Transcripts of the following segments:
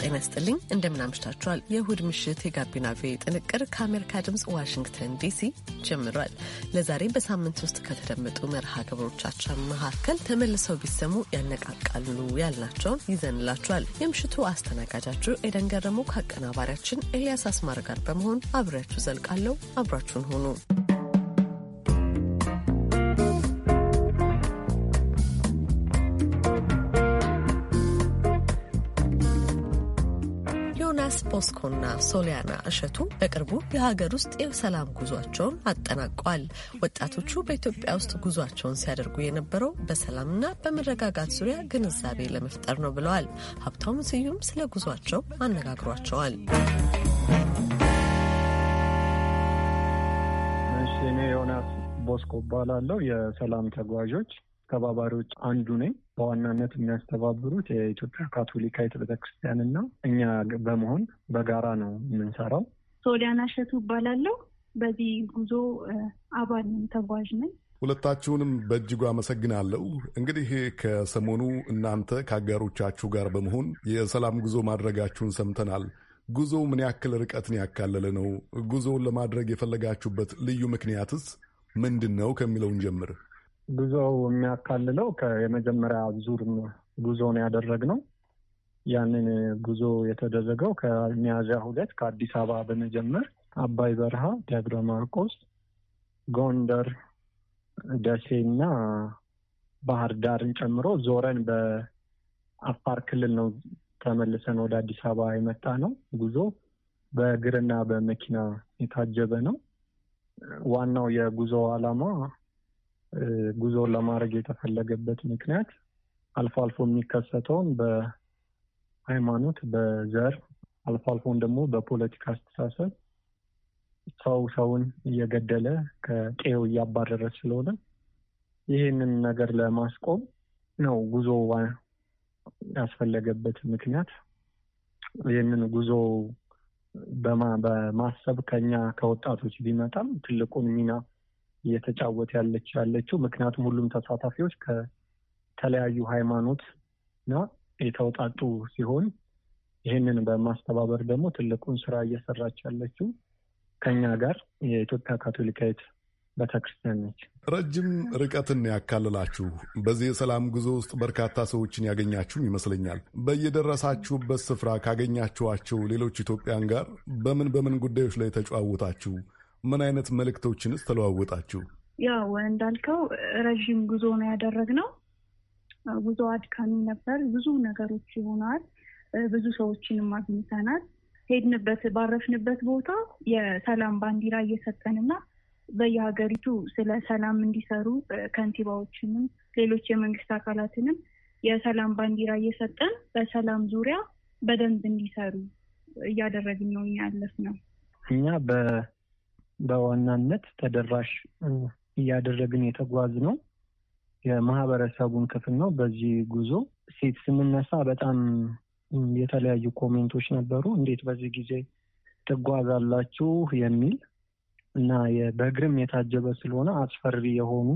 ጤና ይስጥልኝ እንደምን አምሽታችኋል። የእሁድ ምሽት የጋቢና ቪ ጥንቅር ከአሜሪካ ድምፅ ዋሽንግተን ዲሲ ጀምሯል። ለዛሬ በሳምንት ውስጥ ከተደመጡ መርሃ ግብሮቻችን መካከል ተመልሰው ቢሰሙ ያነቃቃሉ ያልናቸውን ይዘንላችኋል። የምሽቱ አስተናጋጃችሁ ኤደን ገረሙ ከአቀናባሪያችን ኤልያስ አስማር ጋር በመሆን አብሬያችሁ ዘልቃለሁ። አብራችሁን ሆኑ። ሞስኮና ሶሊያና እሸቱ በቅርቡ የሀገር ውስጥ የሰላም ጉዟቸውን አጠናቀዋል። ወጣቶቹ በኢትዮጵያ ውስጥ ጉዟቸውን ሲያደርጉ የነበረው በሰላምና በመረጋጋት ዙሪያ ግንዛቤ ለመፍጠር ነው ብለዋል። ሀብታሙ ስዩም ስለ ጉዟቸው አነጋግሯቸዋል። እኔ ዮናስ ቦስኮ እባላለሁ። የሰላም ተጓዦች ተባባሪዎች አንዱ ነኝ። በዋናነት የሚያስተባብሩት የኢትዮጵያ ካቶሊካዊት ቤተክርስቲያን እና እኛ በመሆን በጋራ ነው የምንሰራው። ሶሊያና እሸቱ እባላለሁ። በዚህ ጉዞ አባል ነኝ፣ ተጓዥ ነኝ። ሁለታችሁንም በእጅጉ አመሰግናለሁ። እንግዲህ ከሰሞኑ እናንተ ከአጋሮቻችሁ ጋር በመሆን የሰላም ጉዞ ማድረጋችሁን ሰምተናል። ጉዞ ምን ያክል ርቀትን ያካለለ ነው? ጉዞውን ለማድረግ የፈለጋችሁበት ልዩ ምክንያትስ ምንድን ነው? ከሚለውን ጀምር። ጉዞ የሚያካልለው የመጀመሪያ ዙር ጉዞ ነው ያደረግነው። ያንን ጉዞ የተደረገው ከሚያዝያ ሁለት ከአዲስ አበባ በመጀመር አባይ በረሃ፣ ደብረ ማርቆስ፣ ጎንደር፣ ደሴና ባህር ዳርን ጨምሮ ዞረን በአፋር ክልል ነው ተመልሰን ወደ አዲስ አበባ የመጣ ነው። ጉዞ በእግርና በመኪና የታጀበ ነው። ዋናው የጉዞ ዓላማ ጉዞ ለማድረግ የተፈለገበት ምክንያት አልፎ አልፎ የሚከሰተውን በሃይማኖት፣ በዘር አልፎ አልፎን ደግሞ በፖለቲካ አስተሳሰብ ሰው ሰውን እየገደለ ከቄው እያባረረ ስለሆነ ይህንን ነገር ለማስቆም ነው ጉዞ ያስፈለገበት ምክንያት። ይህንን ጉዞ በማሰብ ከኛ ከወጣቶች ቢመጣም ትልቁን ሚና እየተጫወት ያለች ያለችው ምክንያቱም ሁሉም ተሳታፊዎች ከተለያዩ ሃይማኖት እና የተውጣጡ ሲሆን ይህንን በማስተባበር ደግሞ ትልቁን ስራ እየሰራች ያለችው ከኛ ጋር የኢትዮጵያ ካቶሊካዊት ቤተክርስቲያን ነች። ረጅም ርቀትን ያካልላችሁ በዚህ የሰላም ጉዞ ውስጥ በርካታ ሰዎችን ያገኛችሁ ይመስለኛል። በየደረሳችሁበት ስፍራ ካገኛችኋቸው ሌሎች ኢትዮጵያን ጋር በምን በምን ጉዳዮች ላይ ተጨዋወታችሁ? ምን አይነት መልእክቶችንስ ተለዋወጣችሁ? ያው እንዳልከው ረዥም ጉዞ ነው ያደረግነው። ጉዞ አድካሚ ነበር። ብዙ ነገሮች ይሆናል። ብዙ ሰዎችንም አግኝተናል። ሄድንበት ባረፍንበት ቦታ የሰላም ባንዲራ እየሰጠንና በየሀገሪቱ ስለ ሰላም እንዲሰሩ ከንቲባዎችንም ሌሎች የመንግስት አካላትንም የሰላም ባንዲራ እየሰጠን በሰላም ዙሪያ በደንብ እንዲሰሩ እያደረግን ነው ነው። እኛ በዋናነት ተደራሽ እያደረግን የተጓዝ ነው የማህበረሰቡን ክፍል ነው። በዚህ ጉዞ ሴት ስምነሳ በጣም የተለያዩ ኮሜንቶች ነበሩ። እንዴት በዚህ ጊዜ ትጓዛላችሁ የሚል እና በእግርም የታጀበ ስለሆነ አስፈሪ የሆኑ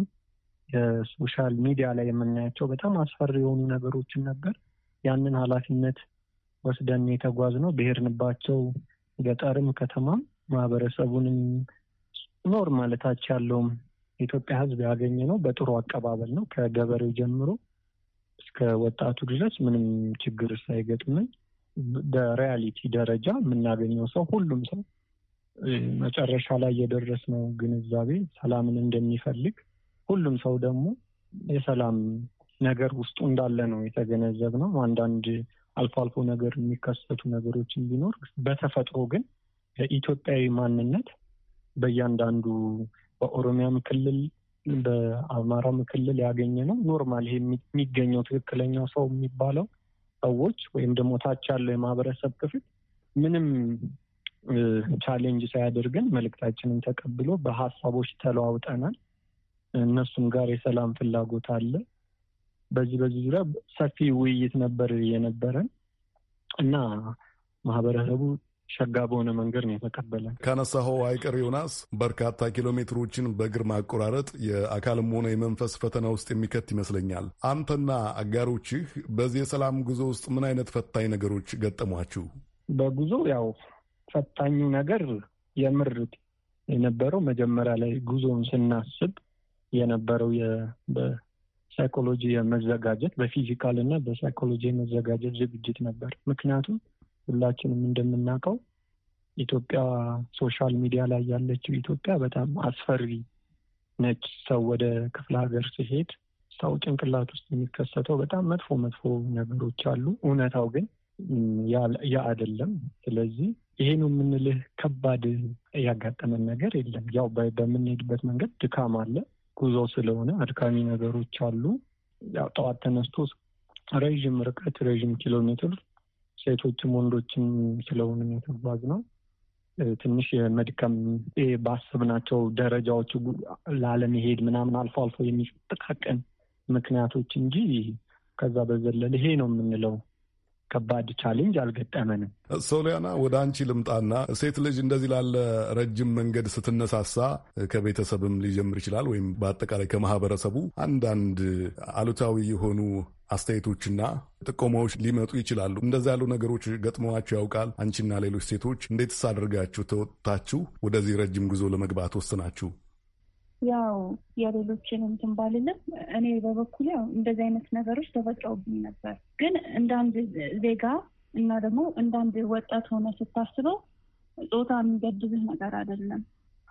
የሶሻል ሚዲያ ላይ የምናያቸው በጣም አስፈሪ የሆኑ ነገሮችን ነበር። ያንን ኃላፊነት ወስደን የተጓዝ ነው። ብሄርንባቸው ገጠርም ከተማም ማህበረሰቡንም ኖር ማለታች ያለውም የኢትዮጵያ ሕዝብ ያገኘ ነው በጥሩ አቀባበል ነው። ከገበሬው ጀምሮ እስከ ወጣቱ ድረስ ምንም ችግር ሳይገጥምን በሪያሊቲ ደረጃ የምናገኘው ሰው ሁሉም ሰው መጨረሻ ላይ የደረስነው ግንዛቤ ሰላምን እንደሚፈልግ ሁሉም ሰው ደግሞ የሰላም ነገር ውስጡ እንዳለ ነው የተገነዘብ ነው። አንዳንድ አልፎ አልፎ ነገር የሚከሰቱ ነገሮችን ቢኖር በተፈጥሮ ግን የኢትዮጵያዊ ማንነት በእያንዳንዱ በኦሮሚያም ክልል በአማራም ክልል ያገኘ ነው። ኖርማል ይሄ የሚገኘው ትክክለኛው ሰው የሚባለው ሰዎች ወይም ደግሞ ታች ያለው የማህበረሰብ ክፍል ምንም ቻሌንጅ ሳያደርገን መልእክታችንን ተቀብሎ በሀሳቦች ተለዋውጠናል። እነሱም ጋር የሰላም ፍላጎት አለ። በዚህ በዚህ ዙሪያ ሰፊ ውይይት ነበር የነበረን እና ማህበረሰቡ ሸጋ በሆነ መንገድ ነው የተቀበለ። ካነሳኸው አይቀር ዮናስ፣ በርካታ ኪሎ ሜትሮችን በእግር ማቆራረጥ የአካልም ሆነ የመንፈስ ፈተና ውስጥ የሚከት ይመስለኛል። አንተና አጋሮችህ በዚህ የሰላም ጉዞ ውስጥ ምን አይነት ፈታኝ ነገሮች ገጠሟችሁ? በጉዞ ያው ፈታኙ ነገር የምር የነበረው መጀመሪያ ላይ ጉዞውን ስናስብ የነበረው በሳይኮሎጂ የመዘጋጀት በፊዚካል እና በሳይኮሎጂ የመዘጋጀት ዝግጅት ነበር። ምክንያቱም ሁላችንም እንደምናውቀው ኢትዮጵያ ሶሻል ሚዲያ ላይ ያለችው ኢትዮጵያ በጣም አስፈሪ ነች። ሰው ወደ ክፍለ ሀገር ሲሄድ ሰው ጭንቅላት ውስጥ የሚከሰተው በጣም መጥፎ መጥፎ ነገሮች አሉ። እውነታው ግን ያ አይደለም። ስለዚህ ይሄ ነው የምንልህ ከባድ ያጋጠመን ነገር የለም። ያው በምንሄድበት መንገድ ድካም አለ። ጉዞ ስለሆነ አድካሚ ነገሮች አሉ። ያው ጠዋት ተነስቶ ረዥም ርቀት ረዥም ኪሎ ሜትር ሴቶችም ወንዶችም ስለሆነ የተጓዝ ነው። ትንሽ የመድከም ባሰብናቸው ደረጃዎች ላለመሄድ ምናምን አልፎ አልፎ የሚጠቃቀን ምክንያቶች እንጂ ከዛ በዘለል ይሄ ነው የምንለው ከባድ ቻሌንጅ አልገጠመንም። ሶሊያና ወደ አንቺ ልምጣና ሴት ልጅ እንደዚህ ላለ ረጅም መንገድ ስትነሳሳ ከቤተሰብም ሊጀምር ይችላል ወይም በአጠቃላይ ከማህበረሰቡ አንዳንድ አሉታዊ የሆኑ አስተያየቶችና ጥቆማዎች ሊመጡ ይችላሉ። እንደዚ ያሉ ነገሮች ገጥመዋችሁ ያውቃል? አንቺና ሌሎች ሴቶች እንዴትስ አድርጋችሁ ተወጥታችሁ ወደዚህ ረጅም ጉዞ ለመግባት ወስናችሁ? ያው የሌሎችን እንትን ባልልም እኔ በበኩል ያው እንደዚህ አይነት ነገሮች ተፈጥረውብኝ ነበር። ግን እንደ አንድ ዜጋ እና ደግሞ እንዳንድ ወጣት ሆነ ስታስበው ጾታ የሚገድብህ ነገር አይደለም።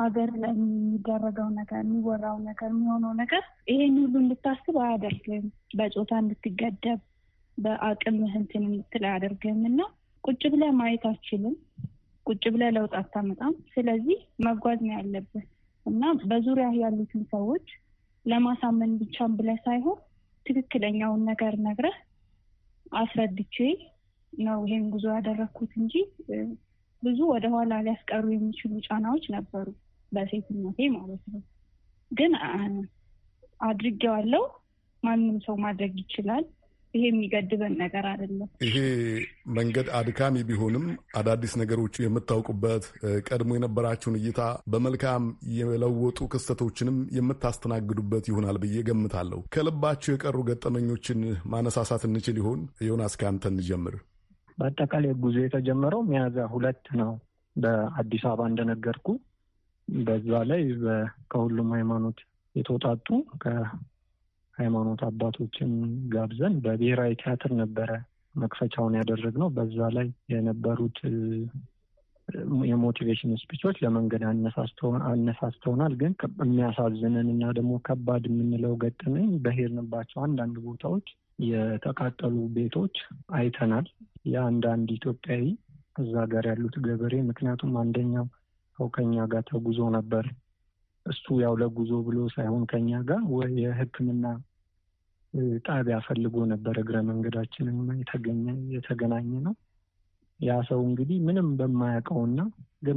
ሀገር ላይ የሚደረገው ነገር የሚወራው ነገር የሚሆነው ነገር ይሄን ሁሉ እንድታስብ አያደርግም። በጾታ እንድትገደብ በአቅም እንትን እንድትል አያደርግም እና ቁጭ ብለ ማየት አችልም። ቁጭ ብለ ለውጥ አታመጣም። ስለዚህ መጓዝ ነው ያለብን እና በዙሪያ ያሉትን ሰዎች ለማሳመን ብቻም ብለ ሳይሆን ትክክለኛውን ነገር ነግረህ አስረድቼ ነው ይሄን ጉዞ ያደረግኩት እንጂ ብዙ ወደኋላ ሊያስቀሩ የሚችሉ ጫናዎች ነበሩ፣ በሴትነቴ ማለት ነው። ግን አድርጌዋለሁ። ማንም ሰው ማድረግ ይችላል። ይሄ የሚገድበን ነገር አይደለም። ይሄ መንገድ አድካሚ ቢሆንም አዳዲስ ነገሮች የምታውቁበት ቀድሞ የነበራችሁን እይታ በመልካም የለወጡ ክስተቶችንም የምታስተናግዱበት ይሆናል ብዬ ገምታለሁ። ከልባችሁ የቀሩ ገጠመኞችን ማነሳሳት እንችል ይሆን? ዮናስ፣ ከአንተ እንጀምር። በአጠቃላይ ጉዞ የተጀመረው ሚያዝያ ሁለት ነው በአዲስ አበባ እንደነገርኩ። በዛ ላይ ከሁሉም ሃይማኖት የተውጣጡ ከሃይማኖት አባቶችን ጋብዘን በብሔራዊ ቲያትር ነበረ መክፈቻውን ያደረግ ነው። በዛ ላይ የነበሩት የሞቲቬሽን ስፒቾች ለመንገድ አነሳስተውናል። ግን የሚያሳዝነን እና ደግሞ ከባድ የምንለው ገጠመኝ በሄድንባቸው አንዳንድ ቦታዎች የተቃጠሉ ቤቶች አይተናል። የአንዳንድ ኢትዮጵያዊ እዛ ጋር ያሉት ገበሬ ምክንያቱም አንደኛው ሰው ከኛ ጋር ተጉዞ ነበር። እሱ ያው ለጉዞ ብሎ ሳይሆን ከኛ ጋር የሕክምና ጣቢያ ፈልጎ ነበር። እግረ መንገዳችንን የተገናኘ ነው። ያ ሰው እንግዲህ ምንም በማያውቀውና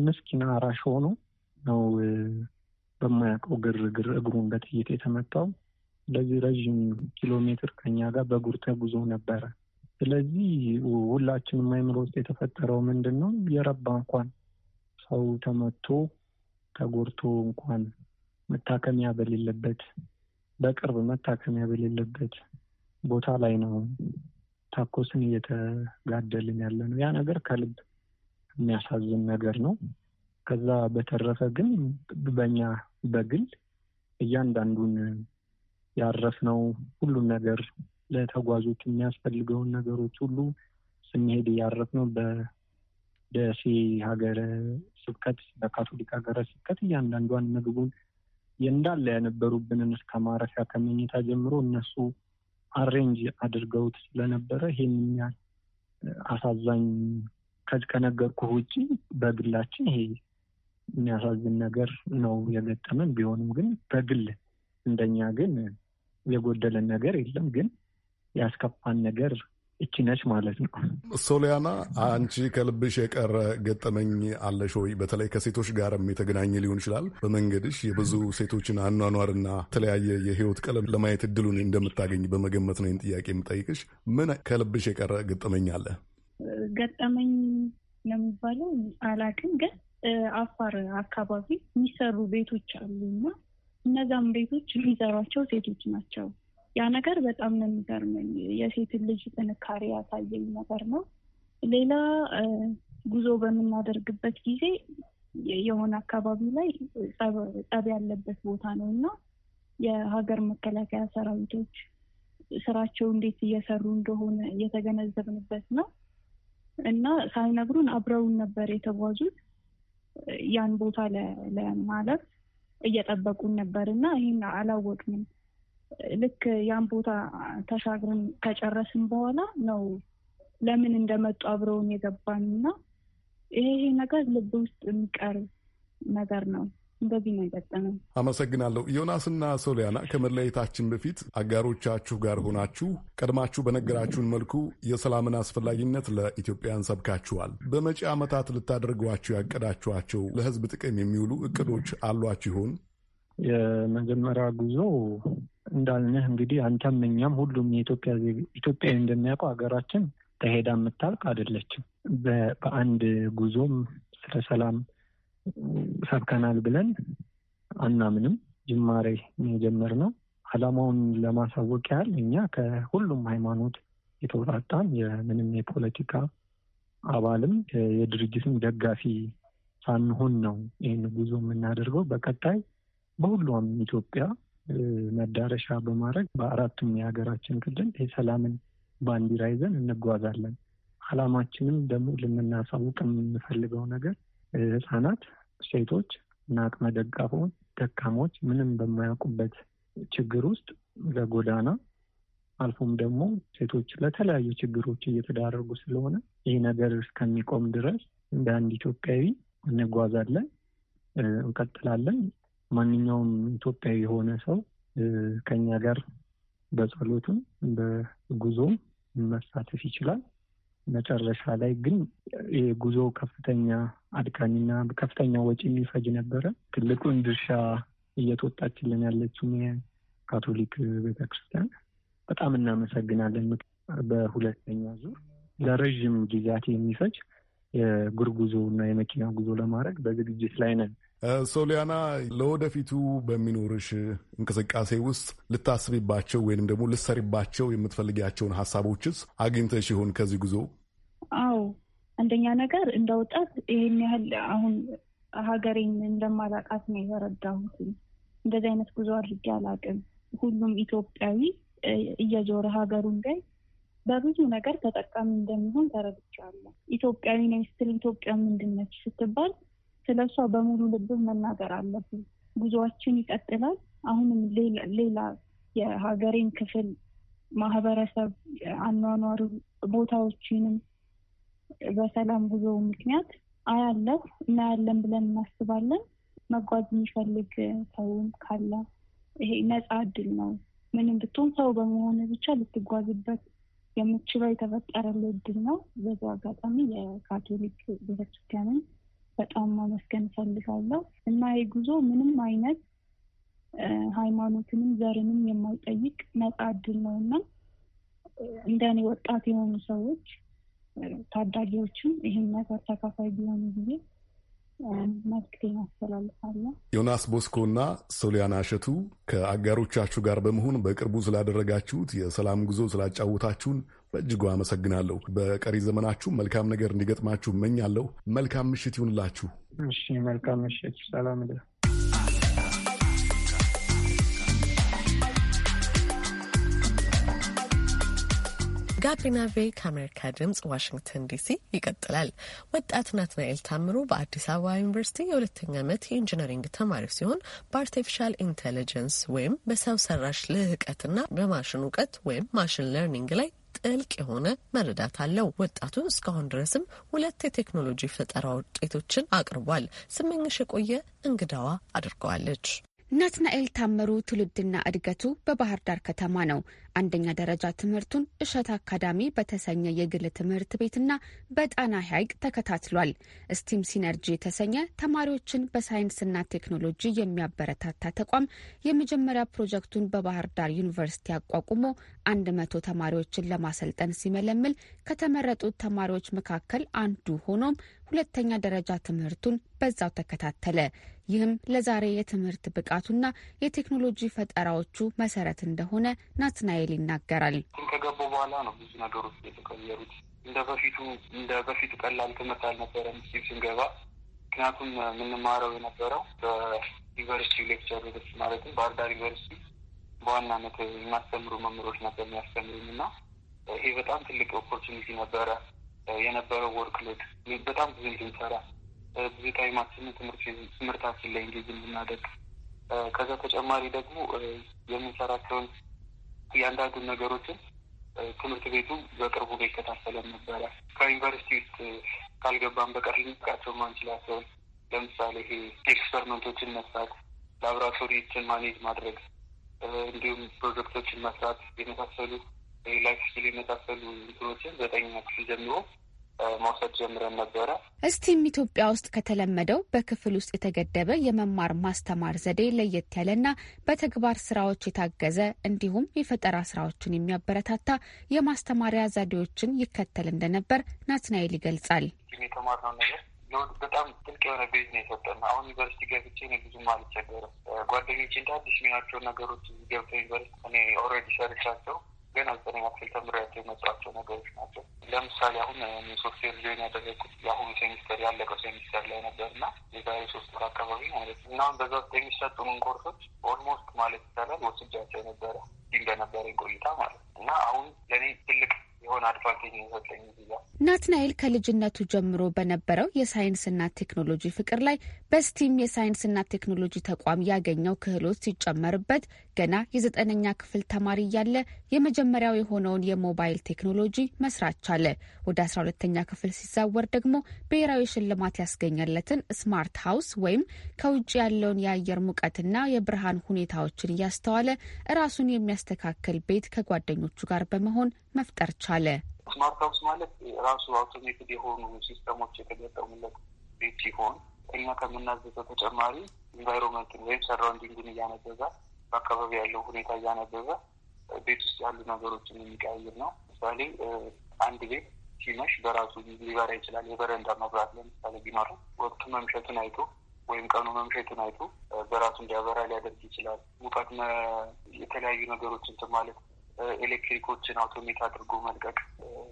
ምስኪና አራሽ ሆኖ ነው በማያውቀው ግርግር እግሩን በጥይት የተመታው። ለዚህ ረዥም ኪሎ ሜትር ከኛ ጋር በእግር ተጉዞ ነበረ። ስለዚህ ሁላችንም አይምሮ ውስጥ የተፈጠረው ምንድን ነው የረባ እንኳን ሰው ተመቶ ተጎድቶ እንኳን መታከሚያ በሌለበት በቅርብ መታከሚያ በሌለበት ቦታ ላይ ነው ታኮስን እየተጋደልን ያለ ነው። ያ ነገር ከልብ የሚያሳዝን ነገር ነው። ከዛ በተረፈ ግን በኛ በግል እያንዳንዱን ያረፍነው ሁሉም ነገር ለተጓዦች የሚያስፈልገውን ነገሮች ሁሉ ስንሄድ ያረፍነው በደሴ ሀገረ ስብከት በካቶሊክ ሀገረ ስብከት እያንዳንዷን ምግቡን እንዳለ የነበሩብንን እስከ ማረፊያ ከመኝታ ጀምሮ እነሱ አሬንጅ አድርገውት ስለነበረ ይሄንን ያህል አሳዛኝ ከነገርኩ ውጭ በግላችን ይሄ የሚያሳዝን ነገር ነው የገጠመን። ቢሆንም ግን በግል እንደኛ ግን የጎደለን ነገር የለም፣ ግን ያስከፋን ነገር እችነች ነች ማለት ነው። ሶሊያና፣ አንቺ ከልብሽ የቀረ ገጠመኝ አለሽ ወይ? በተለይ ከሴቶች ጋርም የተገናኘ ሊሆን ይችላል። በመንገድሽ የብዙ ሴቶችን አኗኗርና የተለያየ የህይወት ቀለም ለማየት እድሉን እንደምታገኝ በመገመት ነው ጥያቄ የምጠይቅሽ። ምን ከልብሽ የቀረ ገጠመኝ አለ? ገጠመኝ ለሚባለው አላውቅም፣ ግን አፋር አካባቢ የሚሰሩ ቤቶች አሉና እነዛም ቤቶች የሚሰሯቸው ሴቶች ናቸው። ያ ነገር በጣም ነው የሚገርመኝ። የሴትን ልጅ ጥንካሬ ያሳየኝ ነገር ነው። ሌላ ጉዞ በምናደርግበት ጊዜ የሆነ አካባቢ ላይ ጸብ ያለበት ቦታ ነው እና የሀገር መከላከያ ሰራዊቶች ስራቸው እንዴት እየሰሩ እንደሆነ እየተገነዘብንበት ነው እና ሳይነግሩን አብረውን ነበር የተጓዙት ያን ቦታ ለማለፍ እየጠበቁን ነበር እና ይህን አላወቅንም። ልክ ያን ቦታ ተሻግረን ከጨረስን በኋላ ነው ለምን እንደመጡ አብረውን የገባን እና ይሄ ነገር ልብ ውስጥ የሚቀር ነገር ነው። እንደዚህ ነው የገጠመው። አመሰግናለሁ። ዮናስና ሶሊያና ከመለየታችን በፊት አጋሮቻችሁ ጋር ሆናችሁ ቀድማችሁ በነገራችሁን መልኩ የሰላምን አስፈላጊነት ለኢትዮጵያን ሰብካችኋል። በመጪ ዓመታት ልታደርጓቸው ያቀዳችኋቸው ለህዝብ ጥቅም የሚውሉ እቅዶች አሏችሁ ይሆን? የመጀመሪያ ጉዞ እንዳልነህ እንግዲህ አንተም እኛም ሁሉም የኢትዮጵያ ኢትዮጵያዊ እንደሚያውቀው ሀገራችን ተሄዳ የምታልቅ አይደለችም። በአንድ ጉዞም ስለ ሰላም ሰብከናል ብለን አናምንም። ጅማሬ የጀመር ነው። አላማውን ለማሳወቅ ያህል እኛ ከሁሉም ሃይማኖት የተወጣጣን የምንም የፖለቲካ አባልም የድርጅትም ደጋፊ ሳንሆን ነው ይህን ጉዞ የምናደርገው። በቀጣይ በሁሉም ኢትዮጵያ መዳረሻ በማድረግ በአራቱም የሀገራችን ክልል የሰላምን ባንዲራ ይዘን እንጓዛለን። አላማችንም ደግሞ ልምናሳውቅ የምንፈልገው ነገር ህጻናት፣ ሴቶች እና አቅመ ደካሞች ምንም በማያውቁበት ችግር ውስጥ ለጎዳና አልፎም ደግሞ ሴቶች ለተለያዩ ችግሮች እየተዳረጉ ስለሆነ ይህ ነገር እስከሚቆም ድረስ እንደ አንድ ኢትዮጵያዊ እንጓዛለን፣ እንቀጥላለን። ማንኛውም ኢትዮጵያዊ የሆነ ሰው ከኛ ጋር በጸሎቱም በጉዞም መሳተፍ ይችላል። መጨረሻ ላይ ግን የጉዞ ከፍተኛ አድካሚና ከፍተኛ ወጪ የሚፈጅ ነበረ። ትልቁን ድርሻ እየተወጣችልን ያለችው ካቶሊክ ቤተክርስቲያን በጣም እናመሰግናለን። በሁለተኛ ዙር ለረዥም ጊዜያት የሚፈጅ የእግር ጉዞ እና የመኪና ጉዞ ለማድረግ በዝግጅት ላይ ነን። ሶሊያና ለወደፊቱ በሚኖርሽ እንቅስቃሴ ውስጥ ልታስቢባቸው ወይንም ደግሞ ልሰሪባቸው የምትፈልጊያቸውን ሀሳቦችስ አግኝተሽ ይሆን ከዚህ ጉዞ? አዎ አንደኛ ነገር እንደ ወጣት ይህን ያህል አሁን ሀገሬን እንደማላቃት ነው የተረዳሁት። እንደዚህ አይነት ጉዞ አድርጌ አላቅም። ሁሉም ኢትዮጵያዊ እየዞረ ሀገሩን ላይ በብዙ ነገር ተጠቃሚ እንደሚሆን ተረድቻለሁ። ኢትዮጵያዊ ነኝ ስትል ኢትዮጵያ ምንድን ነች ስትባል ስለ እሷ በሙሉ ልብብ መናገር አለብን። ጉዞዋችን ይቀጥላል። አሁንም ሌላ የሀገሬን ክፍል ማህበረሰብ፣ አኗኗሪ ቦታዎችንም በሰላም ጉዞ ምክንያት አያለሁ እናያለን ብለን እናስባለን። መጓዝ የሚፈልግ ሰውም ካለ ይሄ ነፃ እድል ነው። ምንም ብትሆን ሰው በመሆን ብቻ ልትጓዝበት የምችለው የተፈጠረልህ እድል ነው። በዚ አጋጣሚ የካቶሊክ ቤተክርስቲያንን በጣም ማመስገን ፈልጋለሁ እና ይህ ጉዞ ምንም አይነት ሃይማኖትንም ዘርንም የማይጠይቅ ነጻ እድል ነው እና እንደ እኔ ወጣት የሆኑ ሰዎች ታዳጊዎችም ይህን ነገር ተካፋይ ቢሆኑ ጊዜ መልክቴን አስተላልፋለሁ። ዮናስ ቦስኮና ሶሊያና እሸቱ ከአጋሮቻችሁ ጋር በመሆን በቅርቡ ስላደረጋችሁት የሰላም ጉዞ ስላጫወታችሁን በእጅጉ አመሰግናለሁ። በቀሪ ዘመናችሁ መልካም ነገር እንዲገጥማችሁ እመኛለሁ። መልካም ምሽት ይሁንላችሁ። እሺ፣ መልካም ምሽት። ሰላም ጋቢና ቬ ከአሜሪካ ድምጽ ዋሽንግተን ዲሲ ይቀጥላል። ወጣት ናትናኤል ታምሩ በአዲስ አበባ ዩኒቨርሲቲ የሁለተኛ ዓመት የኢንጂነሪንግ ተማሪ ሲሆን በአርቲፊሻል ኢንቴሊጀንስ ወይም በሰው ሰራሽ ልህቀትና በማሽን እውቀት ወይም ማሽን ለርኒንግ ላይ ጥልቅ የሆነ መረዳት አለው። ወጣቱ እስካሁን ድረስም ሁለት የቴክኖሎጂ ፈጠራ ውጤቶችን አቅርቧል። ስመኝሽ የቆየ እንግዳዋ አድርገዋለች። ናትናኤል ታመሩ ትውልድና እድገቱ በባህር ዳር ከተማ ነው። አንደኛ ደረጃ ትምህርቱን እሸት አካዳሚ በተሰኘ የግል ትምህርት ቤትና በጣና ሐይቅ ተከታትሏል። ስቲም ሲነርጂ የተሰኘ ተማሪዎችን በሳይንስና ቴክኖሎጂ የሚያበረታታ ተቋም የመጀመሪያ ፕሮጀክቱን በባህር ዳር ዩኒቨርሲቲ አቋቁሞ አንድ መቶ ተማሪዎችን ለማሰልጠን ሲመለምል ከተመረጡት ተማሪዎች መካከል አንዱ ሆኖም ሁለተኛ ደረጃ ትምህርቱን በዛው ተከታተለ። ይህም ለዛሬ የትምህርት ብቃቱና የቴክኖሎጂ ፈጠራዎቹ መሰረት እንደሆነ ናትናኤል ይናገራል። ከገቡ በኋላ ነው ብዙ ነገሮች የተቀየሩት። እንደ በፊቱ እንደ በፊቱ ቀላል ትምህርት አልነበረም ስንገባ። ምክንያቱም የምንማረው የነበረው በዩኒቨርሲቲ ሌክቸር ቤቶች ማለትም ባህርዳር ዩኒቨርሲቲ በዋናነት የሚያስተምሩ መምህሮች ነበር የሚያስተምሩኝ እና ይሄ በጣም ትልቅ ኦፖርቹኒቲ ነበረ። የነበረው ወርክሎድ በጣም ብዙ እንድንሰራ ብዙ ታይማችን ትምህርታችን ላይ እንጌጅ እንድናደርግ ከዛ ተጨማሪ ደግሞ የምንሰራቸውን እያንዳንዱን ነገሮችን ትምህርት ቤቱ በቅርቡ ይከታተለን ነበረ። ከዩኒቨርሲቲ ውስጥ ካልገባን በቀር ልንቃቸው ማንችላቸውን ለምሳሌ ይሄ ኤክስፐሪመንቶችን መስራት፣ ላብራቶሪዎችን ማኔጅ ማድረግ፣ እንዲሁም ፕሮጀክቶችን መስራት የመሳሰሉ ላይፍ ስኪል የመሳሰሉ እንትኖችን ዘጠኛ ክፍል ጀምሮ መውሰድ ጀምረን ነበረ። እስቲም ኢትዮጵያ ውስጥ ከተለመደው በክፍል ውስጥ የተገደበ የመማር ማስተማር ዘዴ ለየት ያለና በተግባር ስራዎች የታገዘ እንዲሁም የፈጠራ ስራዎችን የሚያበረታታ የማስተማሪያ ዘዴዎችን ይከተል እንደነበር ናትናኤል ይገልጻል። የተማርነው ነገር በጣም ጥልቅ የሆነ ቤዝ ነው የሰጠን። አሁን ዩኒቨርሲቲ ገብቼ ነው ብዙም አልቸገርም። ጓደኞች እንደ አዲስ ሚናቸው ነገሮች ገብተው ዩኒቨርሲቲ እኔ ኦልሬዲ ሰርቻቸው ገና ዘጠነኛ ክፍል ተምሬያቸው የመጧቸው ነገሮች ናቸው። ለምሳሌ አሁን ሶፍትዌር ጆይን ያደረግኩት የአሁኑ ሴሚስተር ያለቀው ሴሚስተር ላይ ነበር እና የዛሬ ሶስት ወር አካባቢ ማለት ነው እና በዛ ውስጥ የሚሰጡን ኮርሶች ኦልሞስት ማለት ይቻላል ወስጃቸው ነበረ እንደነበረ ቆይታ ማለት እና አሁን ለእኔ ትልቅ የሆነ አድቫንቴጅ የሰጠኝ ያ ናትናኤል ከልጅነቱ ጀምሮ በነበረው የሳይንስና ቴክኖሎጂ ፍቅር ላይ በስቲም የሳይንስና ቴክኖሎጂ ተቋም ያገኘው ክህሎት ሲጨመርበት ገና የዘጠነኛ ክፍል ተማሪ እያለ የመጀመሪያው የሆነውን የሞባይል ቴክኖሎጂ መስራት ቻለ። ወደ አስራ ሁለተኛ ክፍል ሲዛወር ደግሞ ብሔራዊ ሽልማት ያስገኘለትን ስማርት ሀውስ ወይም ከውጭ ያለውን የአየር ሙቀትና የብርሃን ሁኔታዎችን እያስተዋለ ራሱን የሚያስተካክል ቤት ከጓደኞቹ ጋር በመሆን መፍጠር ቻለ። ስማርት ሀውስ ማለት ራሱ አውቶሜትድ የሆኑ ሲስተሞች የተገጠሙለት ቤት ሲሆን እኛ ከምናዘዘው ተጨማሪ ኢንቫይሮንመንትን ወይም ሰራውንዲንግን እያነበዛ በአካባቢ ያለው ሁኔታ እያነበበ ቤት ውስጥ ያሉ ነገሮችን የሚቀያይር ነው። ምሳሌ አንድ ቤት ሲመሽ በራሱ ሊበራ ይችላል። የበረንዳ መብራት ለምሳሌ ቢኖረው ወቅቱ መምሸቱን አይቶ ወይም ቀኑ መምሸቱን አይቶ በራሱ እንዲያበራ ሊያደርግ ይችላል። ሙቀት የተለያዩ ነገሮችን ማለት ኤሌክትሪኮችን አውቶሜት አድርጎ መልቀቅ።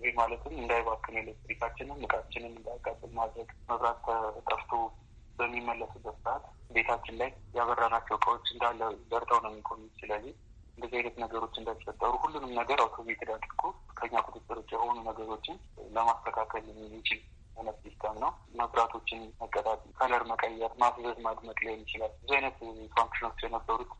ይህ ማለትም እንዳይባክን ኤሌክትሪካችንን እቃችንም እንዳያቃጥል ማድረግ። መብራት ጠፍቶ በሚመለስበት ሰዓት ቤታችን ላይ ያበራናቸው እቃዎች እንዳለ በርተው ነው የሚቆዩት። ስለዚህ እንደዚህ አይነት ነገሮች እንዳይፈጠሩ ሁሉንም ነገር አውቶሜትድ አድርጎ ከኛ ቁጥጥር ውጭ የሆኑ ነገሮችን ለማስተካከል የሚችል አይነት ሲስተም ነው። መብራቶችን መቀጣት፣ ከለር መቀየር፣ ማፍዘዝ፣ ማድመቅ ሊሆን ይችላል። ብዙ አይነት ፋንክሽኖች የነበሩት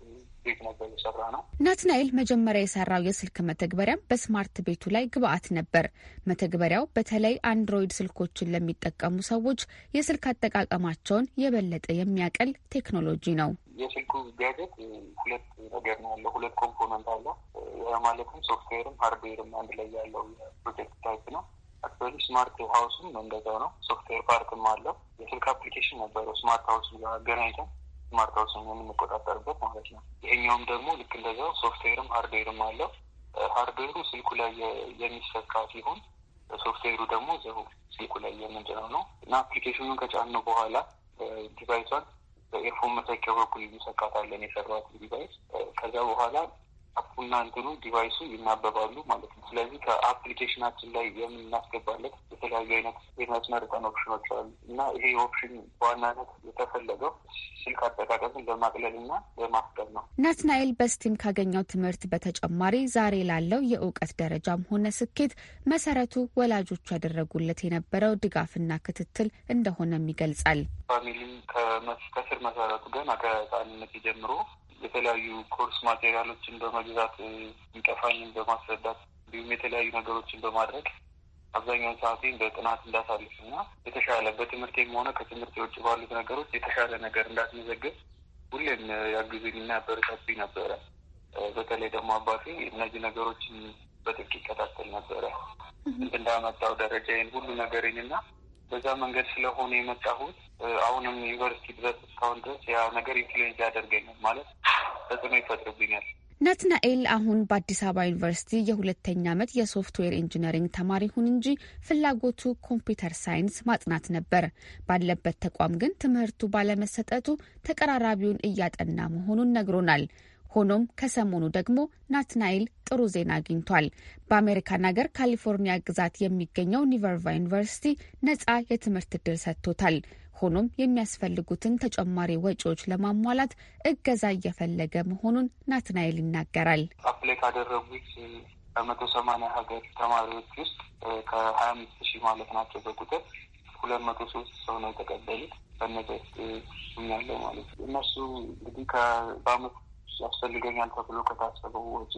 ቤት ነበር የሰራ ነው። ናትናኤል መጀመሪያ የሰራው የስልክ መተግበሪያም በስማርት ቤቱ ላይ ግብአት ነበር። መተግበሪያው በተለይ አንድሮይድ ስልኮችን ለሚጠቀሙ ሰዎች የስልክ አጠቃቀማቸውን የበለጠ የሚያቀል ቴክኖሎጂ ነው። የስልኩ ጋጀት ሁለት ነገር ነው ያለው። ሁለት ኮምፖነንት አለው። ማለትም ሶፍትዌርም ሀርድዌርም አንድ ላይ ያለው የፕሮጀክት ታይፕ ነው። አክቹዋሊ ስማርት ሀውስም እንደዛው ነው። ሶፍትዌር ፓርክም አለው። የስልክ አፕሊኬሽን ነበረው ስማርት ሀውስ አገናኝተን ስማርት ሀውስን የምንቆጣጠርበት ማለት ነው። ይሄኛውም ደግሞ ልክ እንደዛው ሶፍትዌርም ሀርድዌርም አለው። ሀርድዌሩ ስልኩ ላይ የሚሰካ ሲሆን ሶፍትዌሩ ደግሞ ዘው ስልኩ ላይ የምንጭነው ነው እና አፕሊኬሽኑን ከጫኑ በኋላ ዲቫይሷን በኤርፎን መሰኪያው በኩል እንሰካታለን የሰራት ዲቫይስ ከዛ በኋላ አፑና እንትኑ ዲቫይሱ ይናበባሉ ማለት ነው። ስለዚህ ከአፕሊኬሽናችን ላይ የምናስገባለት የተለያዩ አይነት የመስመር ቀን ኦፕሽኖች አሉ እና ይሄ ኦፕሽን በዋናነት የተፈለገው ስልክ አጠቃቀምን ለማቅለል እና ለማስቀር ነው። ናትናኤል በስቲም ካገኘው ትምህርት በተጨማሪ ዛሬ ላለው የእውቀት ደረጃም ሆነ ስኬት መሰረቱ ወላጆቹ ያደረጉለት የነበረው ድጋፍና ክትትል እንደሆነም ይገልጻል። ፋሚሊ ከስር መሰረቱ ገና ከህጻንነት ጀምሮ የተለያዩ ኮርስ ማቴሪያሎችን በመግዛት እንቀፋኝን በማስረዳት እንዲሁም የተለያዩ ነገሮችን በማድረግ አብዛኛውን ሰዓቴን በጥናት እንዳሳልፍ እና የተሻለ በትምህርቴም ሆነ ከትምህርት የውጭ ባሉት ነገሮች የተሻለ ነገር እንዳትመዘግብ ሁሌም ያግዙኝ እና ያበረታቱኝ ነበረ። በተለይ ደግሞ አባቴ እነዚህ ነገሮችን በጥብቅ ይከታተል ነበረ። እንዳመጣው ደረጃዬን ሁሉ ነገሬን እና በዛ መንገድ ስለሆነ የመጣሁት አሁንም ዩኒቨርሲቲ ድረስ እስካሁን ድረስ ያ ነገር ኢንፍሉዌንስ ያደርገኛል ማለት ተጽዕኖ ይፈጥርብኛል። ናትናኤል አሁን በአዲስ አበባ ዩኒቨርሲቲ የሁለተኛ ዓመት የሶፍትዌር ኢንጂነሪንግ ተማሪ ይሁን እንጂ ፍላጎቱ ኮምፒውተር ሳይንስ ማጥናት ነበር። ባለበት ተቋም ግን ትምህርቱ ባለመሰጠቱ ተቀራራቢውን እያጠና መሆኑን ነግሮናል። ሆኖም ከሰሞኑ ደግሞ ናትናኤል ጥሩ ዜና አግኝቷል። በአሜሪካን ሀገር ካሊፎርኒያ ግዛት የሚገኘው ኒቨርቫ ዩኒቨርሲቲ ነጻ የትምህርት እድል ሰጥቶታል። ሆኖም የሚያስፈልጉትን ተጨማሪ ወጪዎች ለማሟላት እገዛ እየፈለገ መሆኑን ናትናኤል ይናገራል። አፕላይ ካደረጉት በመቶ ሰማኒያ ሀገር ተማሪዎች ውስጥ ከሀያ አምስት ሺህ ማለት ናቸው በቁጥር ሁለት መቶ ሶስት ሰው ነው የተቀበሉት በነገ ያለው ማለት እነሱ እንግዲህ በአመት ያስፈልገኛል ተብሎ ከታሰበው ወጪ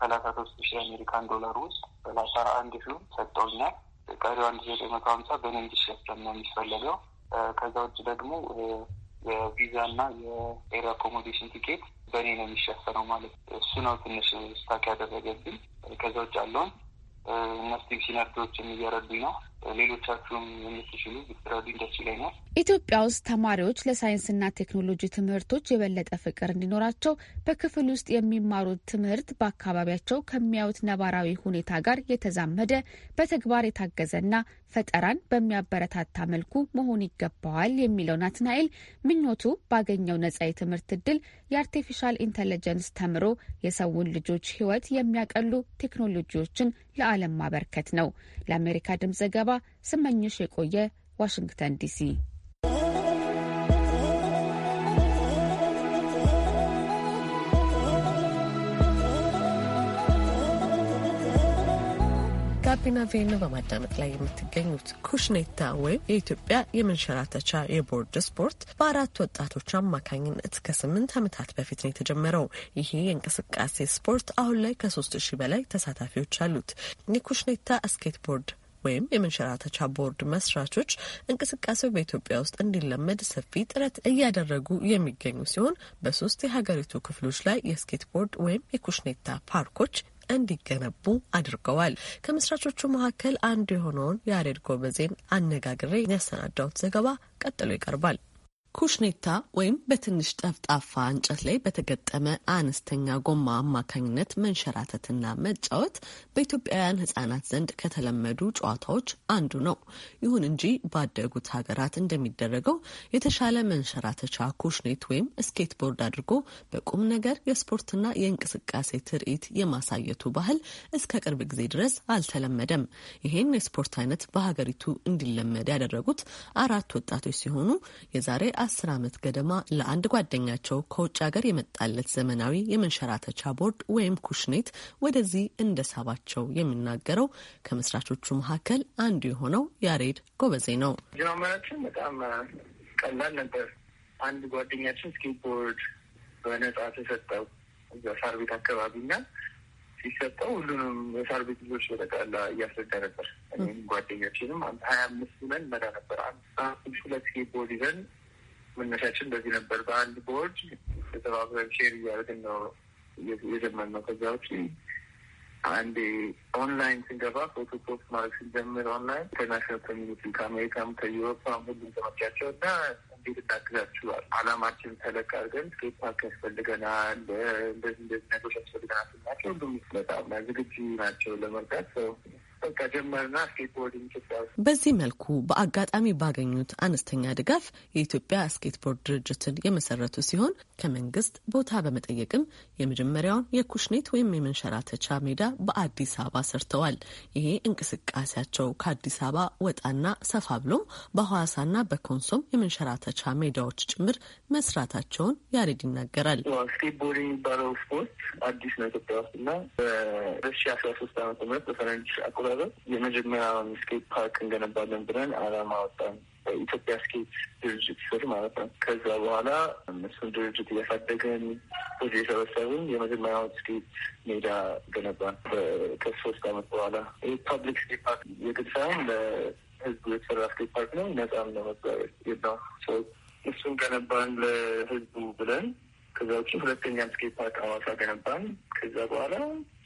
ሰላሳ ሶስት ሺ አሜሪካን ዶላር ውስጥ ሰላሳ አንድ ሺውን ሰጠውኛል። ቀሪው አንድ ሺ ዘጠኝ መቶ ሀምሳ በእኔ እንዲሸፈን ነው የሚፈለገው። ከዛ ውጭ ደግሞ የቪዛና የኤር አኮሞዴሽን ቲኬት በእኔ ነው የሚሸፈነው ማለት እሱ ነው ትንሽ ስታክ ያደረገብኝ። ከዛ ውጭ ያለውን እነስቲም ሲነርዶችም እየረዱኝ ነው ሌሎቻችሁም የምትችሉ ደስ ይለኛል። ኢትዮጵያ ውስጥ ተማሪዎች ለሳይንስና ቴክኖሎጂ ትምህርቶች የበለጠ ፍቅር እንዲኖራቸው በክፍል ውስጥ የሚማሩት ትምህርት በአካባቢያቸው ከሚያዩት ነባራዊ ሁኔታ ጋር የተዛመደ በተግባር የታገዘና ፈጠራን በሚያበረታታ መልኩ መሆን ይገባዋል የሚለው ናትናኤል ምኞቱ ባገኘው ነጻ የትምህርት እድል የአርቴፊሻል ኢንተለጀንስ ተምሮ የሰውን ልጆች ህይወት የሚያቀሉ ቴክኖሎጂዎችን ለዓለም ማበርከት ነው። ለአሜሪካ ድምፅ ዘገባ ስመኝሽ የቆየ ዋሽንግተን ዲሲ። ጋቢና ቬን በማዳመጥ ላይ የምትገኙት ኩሽኔታ ወይም የኢትዮጵያ የመንሸራተቻ የቦርድ ስፖርት በአራት ወጣቶች አማካኝነት ከስምንት ዓመታት በፊት ነው የተጀመረው። ይሄ የእንቅስቃሴ ስፖርት አሁን ላይ ከሶስት ሺህ በላይ ተሳታፊዎች አሉት። የኩሽኔታ ስኬትቦርድ ወይም የመንሸራተቻ ቦርድ መስራቾች እንቅስቃሴው በኢትዮጵያ ውስጥ እንዲለመድ ሰፊ ጥረት እያደረጉ የሚገኙ ሲሆን በሶስት የሀገሪቱ ክፍሎች ላይ የስኬት ቦርድ ወይም የኩሽኔታ ፓርኮች እንዲገነቡ አድርገዋል። ከመስራቾቹ መካከል አንዱ የሆነውን የአሬድ ጎበዜን አነጋግሬ ያሰናዳሁት ዘገባ ቀጥሎ ይቀርባል። ኩሽኔታ ወይም በትንሽ ጠፍጣፋ እንጨት ላይ በተገጠመ አነስተኛ ጎማ አማካኝነት መንሸራተትና መጫወት በኢትዮጵያውያን ሕጻናት ዘንድ ከተለመዱ ጨዋታዎች አንዱ ነው። ይሁን እንጂ ባደጉት ሀገራት እንደሚደረገው የተሻለ መንሸራተቻ ኩሽኔት ወይም ስኬት ቦርድ አድርጎ በቁም ነገር የስፖርትና የእንቅስቃሴ ትርኢት የማሳየቱ ባህል እስከ ቅርብ ጊዜ ድረስ አልተለመደም። ይህን የስፖርት አይነት በሀገሪቱ እንዲለመድ ያደረጉት አራት ወጣቶች ሲሆኑ የዛሬ ለአስር ዓመት ገደማ ለአንድ ጓደኛቸው ከውጭ ሀገር የመጣለት ዘመናዊ የመንሸራተቻ ቦርድ ወይም ኩሽኔት ወደዚህ እንደሳባቸው የሚናገረው ከመስራቾቹ መካከል አንዱ የሆነው ያሬድ ጎበዜ ነው። ጅማመራችን በጣም ቀላል ነበር። አንድ ጓደኛችን ስኬትቦርድ በነጻ ተሰጠው እዛ ሳር ቤት አካባቢ እና ሲሰጠው ሁሉንም የሳር ቤት ልጆች በጠቃላ እያስረዳ ነበር። እኔም ጓደኞችንም አንድ ሀያ አምስት ብለን መዳ ነበር። አንድ ሁለት ስኬትቦርድ ይዘን መነሻችን በዚህ ነበር። በአንድ ቦርድ ተተባብረን ሼር እያደረግን ነው የጀመር ነው። ከዛ ውጭ አንድ ኦንላይን ስንገባ ፎቶ ፖስት ማድረግ ስንጀምር ኦንላይን ኢንተርናሽናል ኮሚኒቲ ከአሜሪካም ከዩሮፓም ሁሉም ተመቻቸው እና እንዴት እናግዛችኋል፣ አላማችን ተለቅ አድርገን ስኬት ፓርክ ያስፈልገናል፣ እንደዚህ እንደዚህ ነገሮች ያስፈልገናል ስናቸው ሁሉም በጣም ዝግጁ ናቸው ለመርዳት ሰው በቃ ጀመርና ስኬትቦርዲንግ ኢትዮጵያ ውስጥ በዚህ መልኩ በአጋጣሚ ባገኙት አነስተኛ ድጋፍ የኢትዮጵያ ስኬትቦርድ ድርጅትን የመሰረቱ ሲሆን ከመንግስት ቦታ በመጠየቅም የመጀመሪያውን የኩሽኔት ወይም የመንሸራተቻ ሜዳ በአዲስ አበባ ሰርተዋል። ይሄ እንቅስቃሴያቸው ከአዲስ አበባ ወጣና ሰፋ ብሎ በሐዋሳና በኮንሶም የመንሸራተቻ ሜዳዎች ጭምር መስራታቸውን ያሬድ ይናገራል። ስኬትቦርድ የሚባለው ስፖርት አዲስ ነው ኢትዮጵያ ውስጥ እና በ2013 ዓ ም በፈረንጅ ተመረረ የመጀመሪያውን ስኬት ፓርክ እንገነባለን ብለን አላማ አወጣን። በኢትዮጵያ ስኬት ድርጅት ስር ማለት ነው። ከዛ በኋላ እሱን ድርጅት እያሳደገን ወደ የሰበሰብን የመጀመሪያውን ስኬት ሜዳ ገነባን። ከሶስት አመት በኋላ ፐብሊክ ስኬት ፓርክ የግድ ሳይሆን ለህዝቡ የተሰራ ስኬት ፓርክ ነው። ነጻም ለመዛበት የለውም። እሱን ገነባን ለህዝቡ ብለን ከዛ ውጭ ሁለተኛ ስኬት ፓርክ አዋሳ ገነባን። ከዛ በኋላ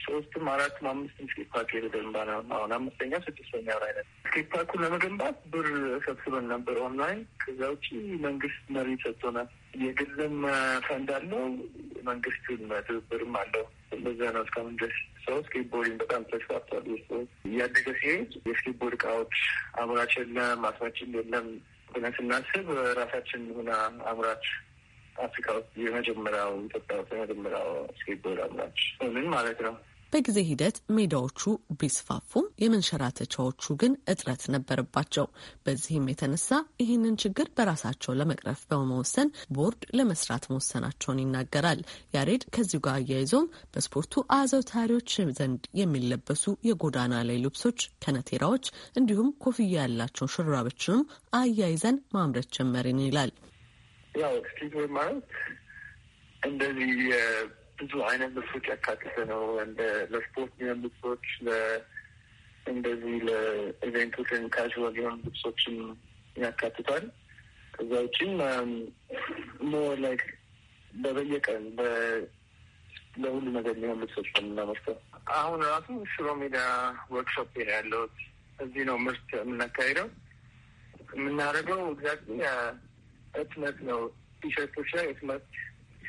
ሶስትም አራትም አምስትም ስኬት ፓርክ የተገንባ ነው። አሁን አምስተኛ ስድስተኛ አይነት ስኬት ፓርኩን ለመገንባት ብር ሰብስበን ነበር ኦንላይን። ከዛ ውጭ መንግስት መሪ ሰጥቶናል። የግልም ፈንድ አለው፣ መንግስትም ትብብርም አለው። እንደዛ ነው እስካሁን ድረስ ሰው ስኬት ቦርድን በጣም ተስፋፍቷል። እያደገ ሲሄድ የስኬት ቦርድ እቃዎች አምራች የለም፣ አስማችን የለም ብለን ስናስብ ራሳችን ሁና አምራች አፍሪካ ውስጥ የመጀመሪያው ኢትዮጵያ ውስጥ የመጀመሪያው ስኬትቦርድ አምራች ምን ማለት ነው። በጊዜ ሂደት ሜዳዎቹ ቢስፋፉም የመንሸራተቻዎቹ ግን እጥረት ነበረባቸው። በዚህም የተነሳ ይህንን ችግር በራሳቸው ለመቅረፍ በመወሰን ቦርድ ለመስራት መወሰናቸውን ይናገራል ያሬድ። ከዚሁ ጋር አያይዞም በስፖርቱ አዘውታሪዎች ዘንድ የሚለበሱ የጎዳና ላይ ልብሶች፣ ከነቴራዎች እንዲሁም ኮፍያ ያላቸው ሹራቦችንም አያይዘን ማምረት ጀመርን ይላል። ያው ስትሪት ዌብ ማለት እንደዚህ ብዙ አይነት ልብሶች ያካተተ ነው። እንደ ለስፖርት ሚሆን ልብሶች፣ እንደዚህ ለኢቨንቶች ወይም ካዥዋል የሆኑ ልብሶችን ያካትቷል። ከዛ ውጭም ሞር ላይክ በበየቀን ለሁሉ ነገር የሚሆን ልብሶች ምናመርተው አሁን ራሱ ሽሮ ሜዳ ወርክሾፕ ሄ ያለሁት እዚህ ነው ምርት የምናካሄደው የምናደርገው ግዛት uh, እትመት ነው። ቲሸርቶች ላይ እትመት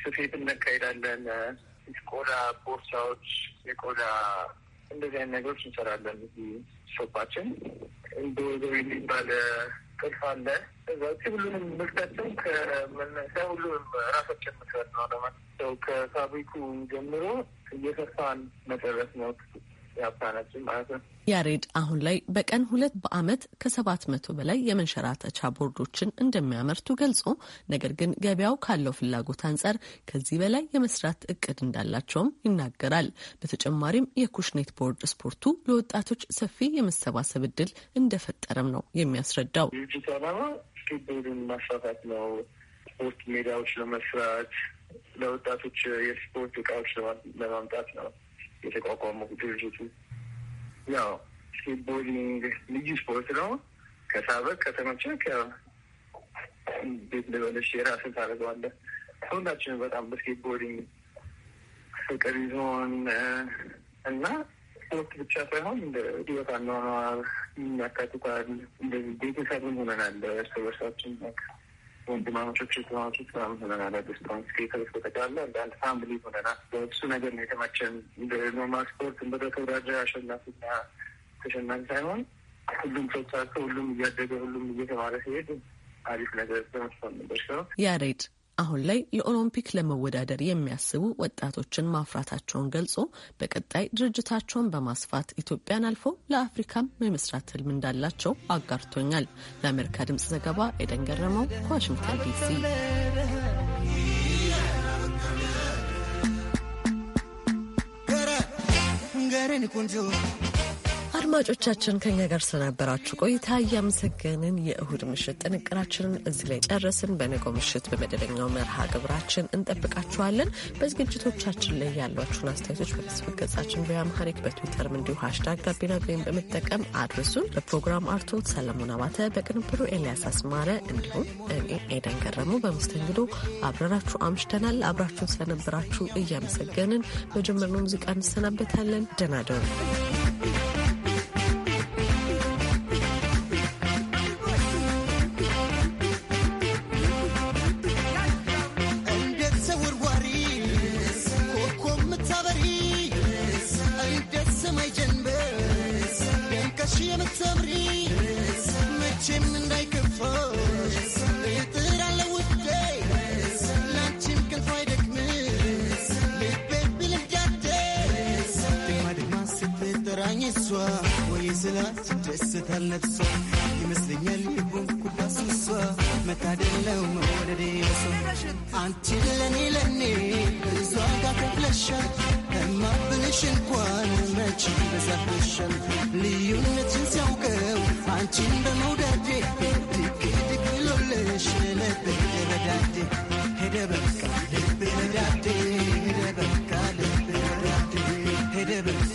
ስፌት እናካሄዳለን። ቆዳ ቦርሳዎች፣ የቆዳ እንደዚህ አይነት ነገሮች እንሰራለን። እዚህ ሾፓችን እንደ ወገብ የሚባል ቅርፍ አለ። እዛ ውጭ ሁሉንም ምርታቸው ከመነሻ ሁሉንም ራሳችን መስራት ነው ለማለት ሰው ከፋብሪኩ ጀምሮ እየሰፋን መጨረስ ነው ያፓናችን ማለት ነው። ያሬድ አሁን ላይ በቀን ሁለት በአመት ከሰባት መቶ በላይ የመንሸራተቻ ቦርዶችን እንደሚያመርቱ ገልጾ ነገር ግን ገበያው ካለው ፍላጎት አንጻር ከዚህ በላይ የመስራት እቅድ እንዳላቸውም ይናገራል። በተጨማሪም የኩሽኔት ቦርድ ስፖርቱ ለወጣቶች ሰፊ የመሰባሰብ እድል እንደፈጠረም ነው የሚያስረዳው። ድርጅቱ ስኬትቦርድን ማስፋፋት ነው። ስፖርት ሜዳዎች ለመስራት ለወጣቶች የስፖርት እቃዎች ለማምጣት ነው የተቋቋመው ድርጅቱ ያው ስኬትቦርዲንግ ልዩ ስፖርት ነው። ከሳበቅ ከተመቸ ቤት ልበለሽ የራስህ ታደርገዋለህ። ሁላችንም በጣም በስኬትቦርዲንግ ፍቅር ይዞን እና ስፖርት ብቻ ሳይሆን እንደ ህይወት አኗኗር ያካትታል። እንደዚህ ቤተሰብም ሆነናል እርስ በርሳችን በቃ ወንድማማቾች የተማቾች ምናምን ሆነናል። አዲስታንስ ከተርስ በጠቅላላ እንደ አንድ ፋምሊ ሆነናል። በእሱ ነገር ነው የተመቸን። እንደ ኖርማል ስፖርት እንደ ተወዳጀ አሸናፊና ተሸናፊ ሳይሆን ሁሉም ሰው ሁሉም እያደገ ሁሉም እየተማረ ሲሄድ አሪፍ ነገር ተመስፋ ነበር። ሲሆን ያሬድ አሁን ላይ የኦሎምፒክ ለመወዳደር የሚያስቡ ወጣቶችን ማፍራታቸውን ገልጾ በቀጣይ ድርጅታቸውን በማስፋት ኢትዮጵያን አልፎ ለአፍሪካም የመስራት ህልም እንዳላቸው አጋርቶኛል። ለአሜሪካ ድምጽ ዘገባ ኤደን ገረመው ከዋሽንግተን ዲሲ። ገረን ቁንጆ አድማጮቻችን ከኛ ጋር ስለነበራችሁ ቆይታ እያመሰገንን የእሁድ ምሽት ጥንቅራችንን እዚህ ላይ ጨረስን። በነገው ምሽት በመደበኛው መርሃ ግብራችን እንጠብቃችኋለን። በዝግጅቶቻችን ላይ ያሏችሁን አስተያየቶች በፌስቡክ ገጻችን በያምሃሪክ በትዊተርም እንዲሁ ሀሽታግ ጋቢና ቪኦኤን በመጠቀም አድርሱን። በፕሮግራም አርቶት ሰለሞን አባተ፣ በቅንብሩ ኤልያስ አስማረ እንዲሁም እኔ ኤደን ገረሙ በመስተንግዶ አብረራችሁ አምሽተናል። አብራችሁን ስለነበራችሁ እያመሰገንን በጀመርነው ሙዚቃ እንሰናበታለን። ደናደሩ ደስታለት ሷ ይመስለኛል የጎንኩባ ሱሷ መታደለው መወደዴ ሷ አንቺ ለኔ ለኔ ብዙ ዋጋ ከፍለሻል። እማብልሽ እንኳን መች በዛብሻል። ልዩነትን ሲያውቀው አንቺን በመውዳዴ ድክ ድክ ብሎልሽ ልብ ደበዳዴ ሄደ በቃ ልብ በዳዴ ሄደ በቃ ልብ በዳዴ ሄደ በቃ